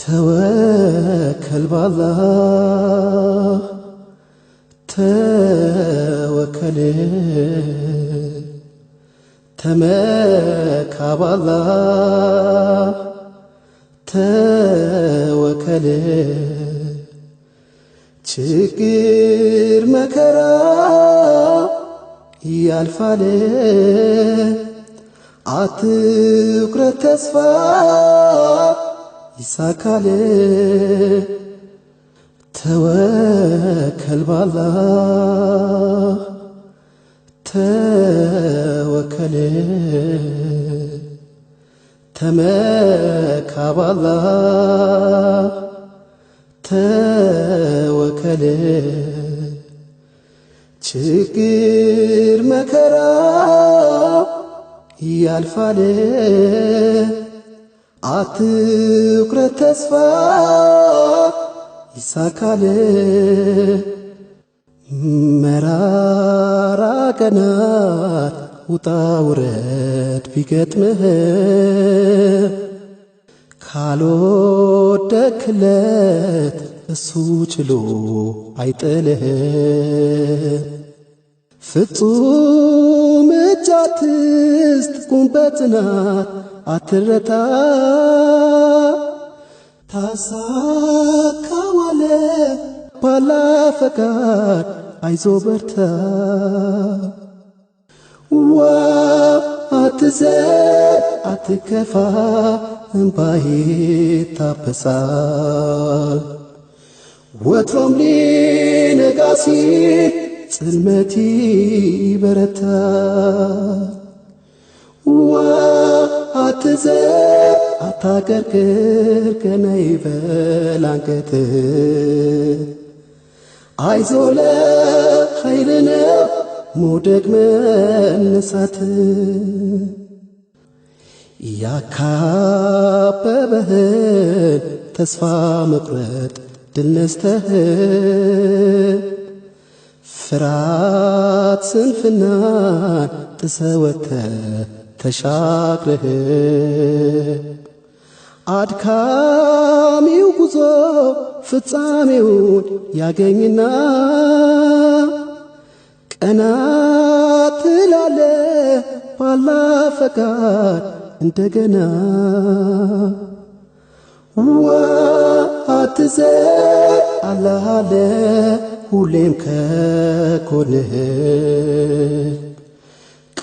ተወከል ባላህ ተወከል ተመካ ባላህ ተወከል ችግር መከራ ያልፋል አትኩረት ተስፋ ይሳካል ተወከል ባላህ ተወከል ተመካ ባላህ ተወከል ችግር መከራ ያልፋል አትቁረጥ ተስፋ ይሳካል። መራራ ቀናት ውጣ ውረድ ቢገጥምህ ካልወደክለት እሱ ችሎ አይጥልህ። ፍጹም እጅ አትስጥ ቁም በጽናት አትረታ ታሳካዋለ ባላ ፈቃድ አይዞ በርታ ዋ አትዘ አትከፋ እምባዬ ታበሳል ወትሮም ጽልመቲ በረታ ዘ አታገርግር ከነይበል አንገት አይዞለ ኃይልነ ሞደግ መነሳት ያካበበህን ተስፋ መቁረጥ ድል ነስተህ ፍርሃት ስንፍናን ጥሰወተ ተሻግረህ አድካሚው ጉዞ ፍጻሜውን ያገኝና ቀና ትላለ ባላ ፈቃድ እንደገና ዋ አላለ ሁሌም ከኮንህ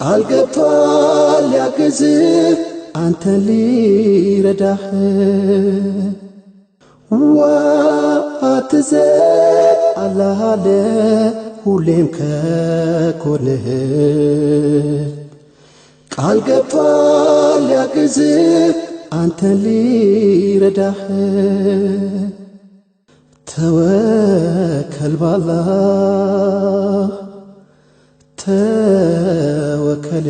ቃል ገብቷል ሊያግዝህ አንተ ሊረዳህ ዋ አትዘን አላህ ሁሌም ከኮንህ ቃል ገብቷል ሊያግዝህ አንተ ሊረዳህ ተወከል ባላህ ተወከል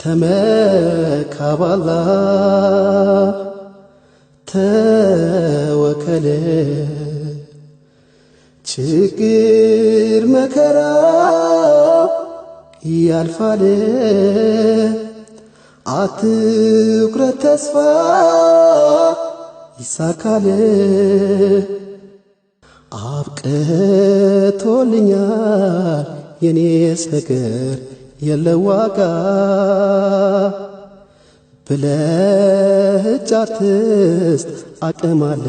ተመካ በአላህ ተወከል ችግር መከራ ያልፋል አትኩረት ተስፋ ይሳካል ቀቶልኛል የኔ ፍቅር የለዋጋ ብለህች አርትስት አቅም አለ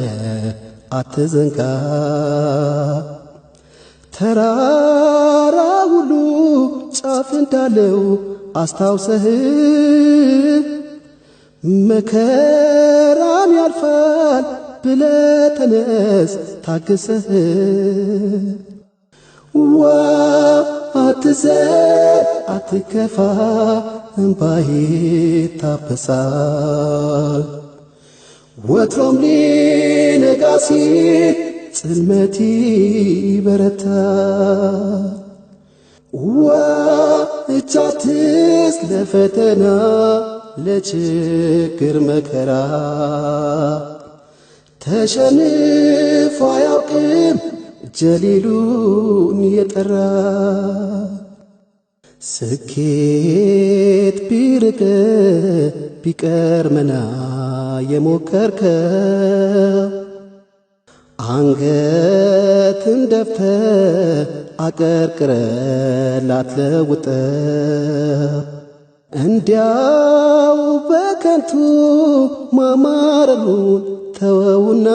አትዘንጋ ተራራ ሁሉ ጫፍ እንዳለው አስታውሰህ መከራም ያልፋል ብለ ተነስ ታግሰህ ዋ አትዘ አትከፋ እምባዬ ታበሳል ወትሮም ሊነጋ ሲል ጽልመቲ በረታ ዋ እቻትስ ለፈተና ለችግር መከራ ተሸንፎ አያውቅም ጀሊሉን የጠራ ስኬት ቢርቅ ቢቀርመና የሞከርከው አንገትን ደፍተ አቀርቅረ ላትለውጠው እንዲያው በከንቱ ማማረሉን ተወውና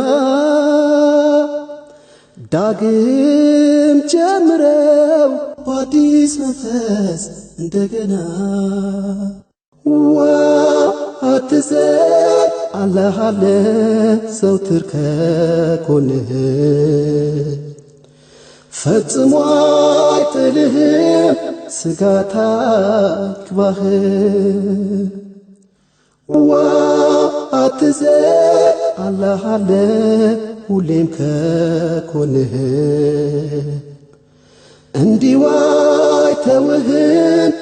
ዳግም ጀምረው በአዲስ መንፈስ እንደገና ዋ አትዘን አላህ አለ ዘወትር ከጎንህ ፈጽሞ አይጥልህም ስጋት አይግባህ ዋ አትዘ አላህ አለ ሁሌም ከጎንህ እንዲዋይ ተውህን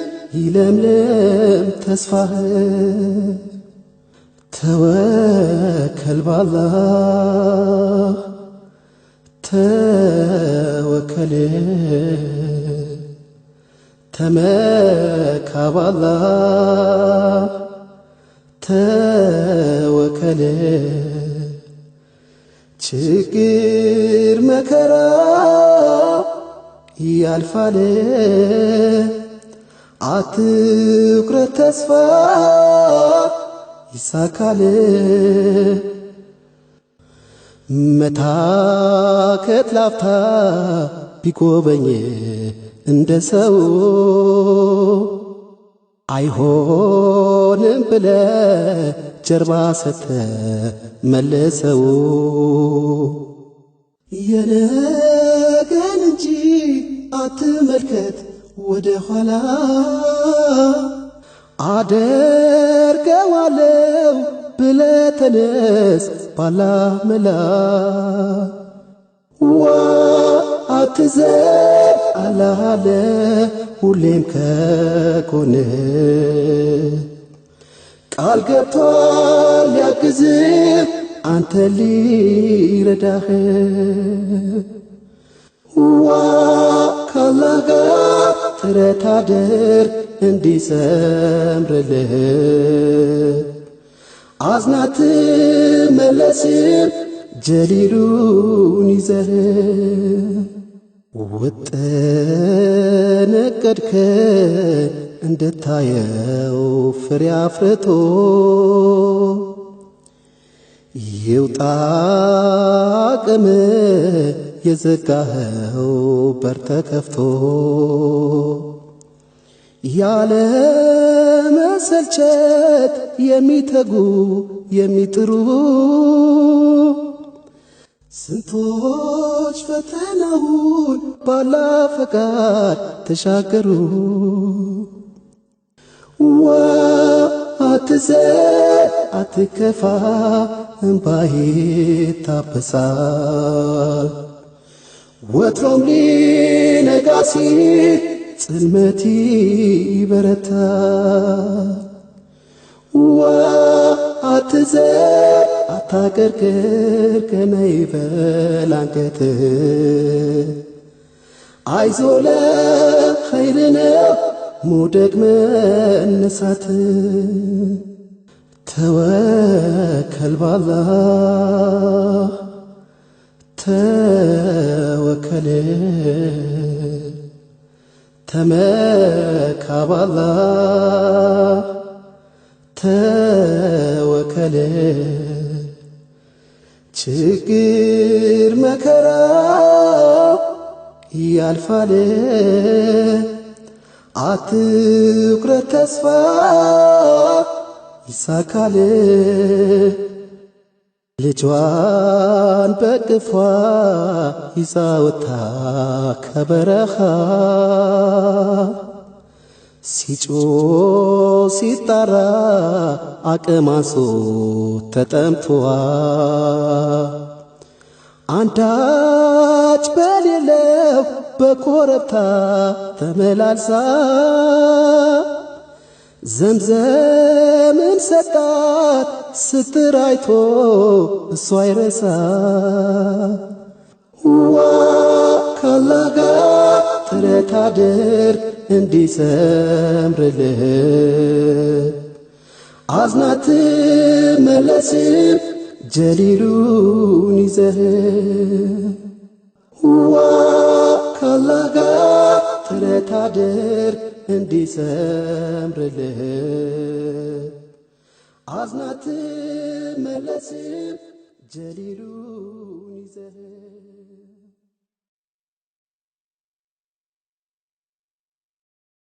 ይለምለም ተስፋህ ተወከል ባላህ ተወከል ተመካ ባላህ ተወከለ ችግር መከራ ያልፋል። አትኩረት ተስፋ ይሳካል። መታከት ላፍታ ቢጎበኝ እንደ ሰው አይሆንም ብለ ጀርባ ሰተ መለሰው የነገን እንጂ አትመልከት ወደ ኋላ አደርገዋለው ብለ ተነስ ባላ መላ አትዘን አላለ ሁሌም ከጎን ቃል ገብቷል ሊያግዝ አንተ ሊረዳህ ዋ ካላህ ጋር ጥረት አድር እንዲሰምርልህ አዝናት መለስም ጀሊሉን ይዘህ ውጥን ነቀድከ እንድታየው ፍሬ አፍርቶ ይውጣ አቅም የዘጋኸው በር ተከፍቶ ያለ መሰልቸት የሚተጉ የሚጥሩ ስንቶች ፈተናውን ባላ ፈቃድ ተሻገሩ ዋ አትዘ አትከፋ እምባዬ ታበሳል ወትሮም ሊነጋ ሲል ጽልመቲ ይበረታ ዋ አትዘ አታገርገር ገና አንገትህ አይዞ ለኸይር ነው መነሳት ተወከል ባላህ ተወከል ተመካ ባላህ ተወከል ችግር መከራ ያልፋል። አትቁረጥ ተስፋ ይሳካል። ልጇን በቅፏ ይዛውታ ወጥታ ከበረኻ ሲጮ ሲጣራ አቅም አንሶት ተጠምቷ አንዳች በሌለ በኮረብታ ተመላልሳ ዘምዘምን ሰጣት ስትራይቶ እሷ አይረሳ ዋ ካላጋ ጥረት አድርግ እንዲሰምርልህ አዝናት መለስም ጀሊሉን ይዘህ እንድታድር እንዲሰምርልህ አዝናት መለስም ጀሊሉን ይዘህ